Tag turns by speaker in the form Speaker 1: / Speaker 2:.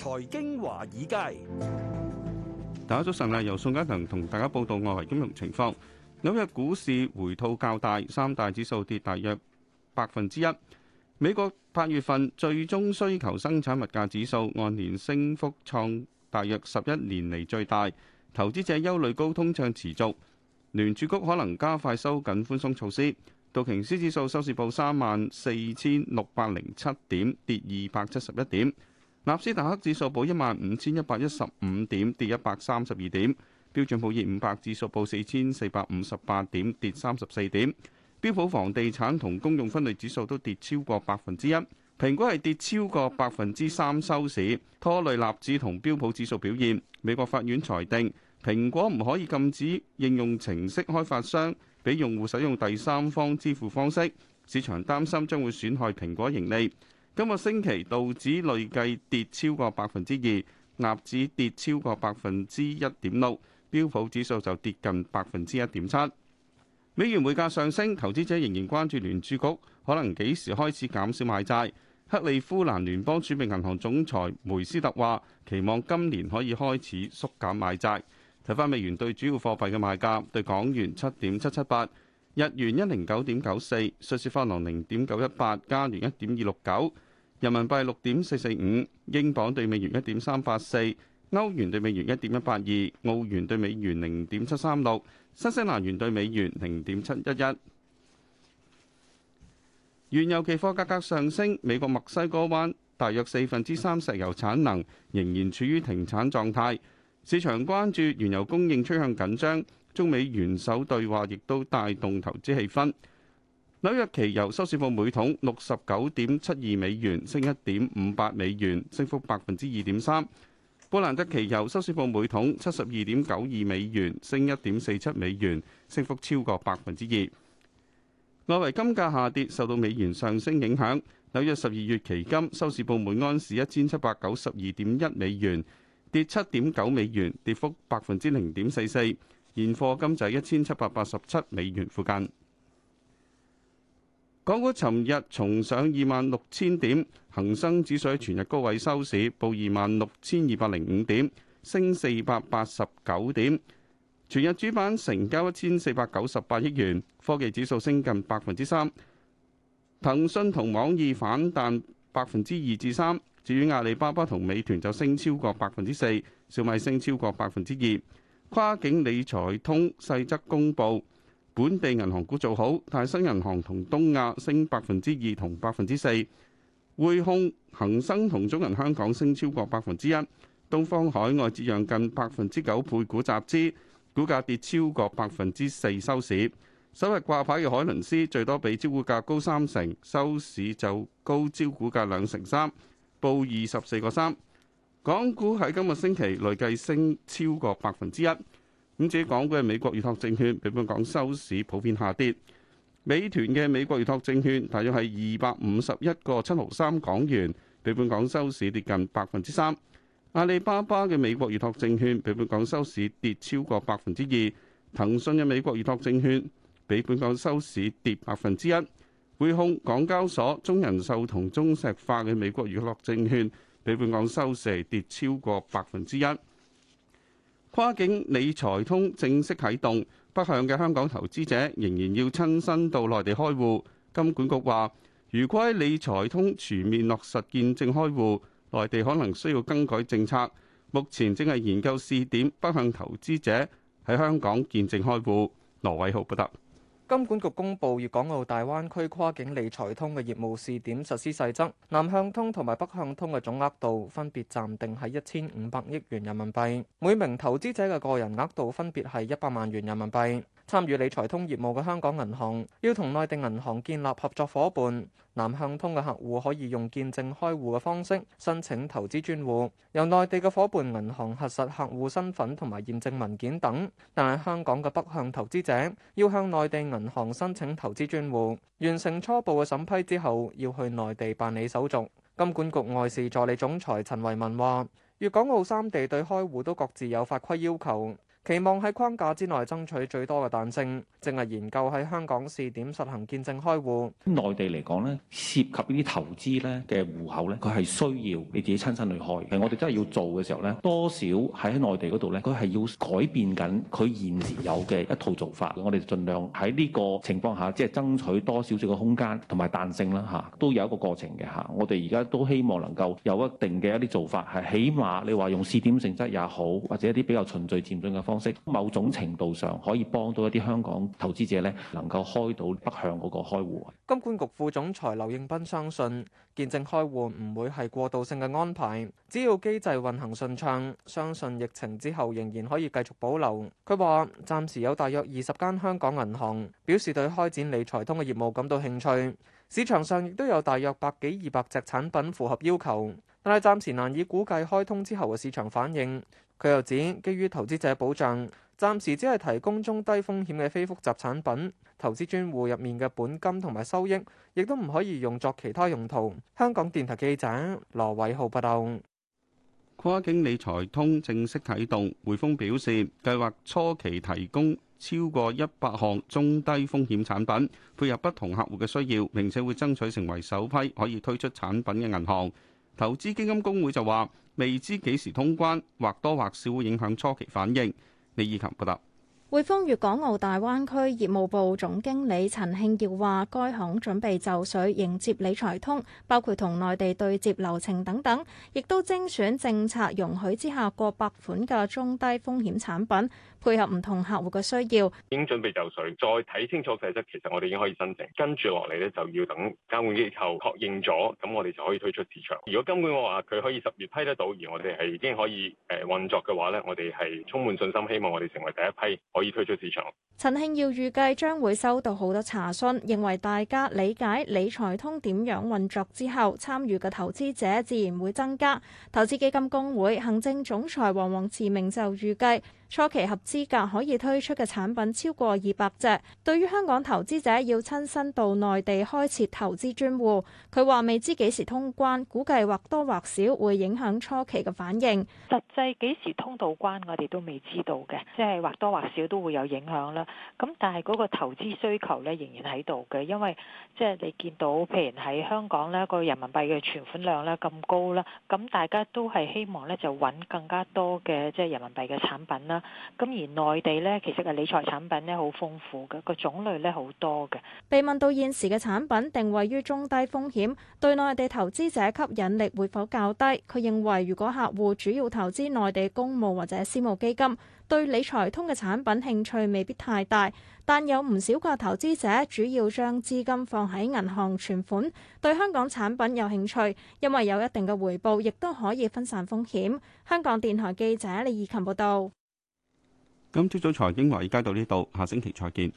Speaker 1: 財經華爾街，大家早晨，由宋嘉強同大家報道外圍金融情況。紐約股市回吐較大，三大指數跌大約百分之一。美國八月份最終需求生產物價指數按年升幅創大約十一年嚟最大，投資者憂慮高通脹持續，聯儲局可能加快收緊寬鬆措施。道瓊斯指數收市報三萬四千六百零七點，跌二百七十一點。納斯達克指數報一萬五千一百一十五點，跌一百三十二點；標準普爾五百指數報四千四百五十八點，跌三十四點；標普房地產同公用分類指數都跌超過百分之一。蘋果係跌超過百分之三收市，拖累納指同標普指數表現。美國法院裁定，蘋果唔可以禁止應用程式開發商俾用戶使用第三方支付方式，市場擔心將會損害蘋果盈利。今個星期道指累計跌超過百分之二，納指跌超過百分之一點六，標普指數就跌近百分之一點七。美元匯價上升，投資者仍然關注聯儲局可能幾時開始減少買債。克利夫蘭聯邦儲備銀行總裁梅斯特話：期望今年可以開始縮減買債。睇返美元對主要貨幣嘅賣價，對港元七點七七八。日元一零九點九四，瑞士法郎零點九一八，加元一點二六九，人民幣六點四四五，英鎊兌美元一點三八四，歐元兌美元一點一八二，澳元兌美元零點七三六，新西蘭元兌美元零點七一一。原油期貨價格上升，美國墨西哥灣大約四分之三石油產能仍然處於停產狀態，市場關注原油供應趨向緊張。中美元首對話亦都帶動投資氣氛。紐約期油收市報每桶六十九點七二美元，升一點五八美元，升幅百分之二點三。布蘭德期油收市報每桶七十二點九二美元，升一點四七美元，升幅超過百分之二。外圍金價下跌，受到美元上升影響。紐約十二月期金收市報每安士一千七百九十二點一美元，跌七點九美元，跌幅百分之零點四四。現貨金就係一千七百八十七美元附近。港股尋日重上二萬六千點，恒生指數全日高位收市，報二萬六千二百零五點，升四百八十九點。全日主板成交一千四百九十八億元，科技指數升近百分之三。騰訊同網易反彈百分之二至三，至於阿里巴巴同美團就升超過百分之四，小米升超過百分之二。跨境理財通細則公佈，本地銀行股做好，大新銀行同東亞升百分之二同百分之四，匯控、恒生同中銀香港升超過百分之一，東方海外折讓近百分之九配股集資，股價跌超過百分之四收市。首日掛牌嘅海倫斯最多比招股價高三成，收市就高招股價兩成三，報二十四個三。港股喺今日星期累計升超過百分之一，咁至於港股嘅美國預託證券，比本港收市普遍下跌。美團嘅美國預託證券大約係二百五十一個七毫三港元，比本港收市跌近百分之三。阿里巴巴嘅美國預託證券比本港收市跌超過百分之二。騰訊嘅美國預託證券比本港收市跌百分之一。匯控、港交所、中人壽同中石化嘅美國預託證券。比本港收市跌超過百分之一。跨境理財通正式啟動，北向嘅香港投資者仍然要親身到內地開戶。金管局話，如果喺理財通全面落實見證開戶，內地可能需要更改政策。目前正係研究試點北向投資者喺香港見證開戶。羅偉浩報道。
Speaker 2: 金管局公布粵港澳大灣區跨境理財通嘅業務試點實施細則，南向通同埋北向通嘅總額度分別暫定係一千五百億元人民幣，每名投資者嘅個人額度分別係一百萬元人民幣。參與理財通業務嘅香港銀行要同內地銀行建立合作伙伴。南向通嘅客戶可以用見證開戶嘅方式申請投資專戶，由內地嘅伙伴銀行核實客戶身份同埋驗證文件等。但係香港嘅北向投資者要向內地銀行申請投資專戶，完成初步嘅審批之後，要去內地辦理手續。金管局外事助理總裁陳維文話，粵港澳三地對開戶都各自有法規要求。期望喺框架之內爭取最多嘅彈性，淨係研究喺香港試點實行見證開戶。內地嚟講咧，涉及呢啲投資咧嘅戶口咧，佢係需要你自己親身去開。係我哋真係要做嘅時候咧，多少喺內地嗰度咧，佢係要改變緊佢現時有嘅一套做法。我哋盡量喺呢個情況下，即係爭取多少少嘅空間同埋彈性啦，吓，都有一個過程嘅吓。我哋而家都希望能夠有一定嘅一啲做法，係起碼你話用試點性質也好，或者一啲比較循序漸進嘅方式某種程度上可以幫到一啲香港投資者咧，能夠開到北向嗰個開戶。金管局副總裁劉應斌相信，見證開戶唔會係過渡性嘅安排，只要機制運行順暢，相信疫情之後仍然可以繼續保留。佢話暫時有大約二十間香港銀行表示對開展理財通嘅業務感到興趣，市場上亦都有大約百幾二百隻產品符合要求，但係暫時難以估計開通之後嘅市場反應。佢又指，基於投資者保障，暫時只係提供中低風險嘅非複雜產品。投資專戶入面嘅本金同埋收益，亦都唔可以用作其他用途。香港電台記者羅偉浩報道。
Speaker 1: 跨境理財通正式啟動，匯豐表示計劃初期提供超過一百項中低風險產品，配合不同客戶嘅需要，並且會爭取成為首批可以推出產品嘅銀行。投資基金公會就話：未知幾時通關，或多或少會影響初期反應。李以琴答：
Speaker 3: 匯豐粵港澳大灣區業務部總經理陳慶耀話，該行準備就緒迎接理財通，包括同內地對接流程等等，亦都精選政策容許之下過百款嘅中低風險產品。配合唔同客戶嘅需要，已
Speaker 2: 經準備就緒，再睇清楚細則。其實我哋已經可以申請跟住落嚟呢，就要等監管機構確認咗，咁我哋就可以推出市場。如果監管話佢可以十月批得到，而我哋係已經可以運作嘅話呢，我哋係充滿信心，希望我哋成為第一批可以推出市場。
Speaker 3: 陳慶耀預計將會收到好多查詢，認為大家理解理財通點樣運作之後，參與嘅投資者自然會增加。投資基金公會行政總裁黃王慈明就預計。初期合資格可以推出嘅產品超過二百隻，對於香港投資者要親身到內地開設投資專戶。佢話未知幾時通關，估計或多或少會影響初期嘅反應。實際幾時通到關，我哋都未知道嘅，即係或多或少都會有影響啦。咁但係嗰個投資需求咧仍然喺度嘅，因為即係你見到，譬如喺香港咧個人民幣嘅存款量咧咁高啦，咁大家都係希望咧就揾更加多嘅即係人民幣嘅產品啦。咁而內地咧，其實嘅理財產品咧好豐富嘅，個種類咧好多嘅。被問到現時嘅產品定位於中低風險，對內地投資者吸引力會否較低？佢認為，如果客戶主要投資內地公募或者私募基金，對理財通嘅產品興趣未必太大。但有唔少個投資者主要將資金放喺銀行存款，對香港產品有興趣，因爲有一定嘅回報，亦都可以分散風險。香港電台記者李以琴報道。
Speaker 1: 今朝早財經華爾街到呢度，下星期再見。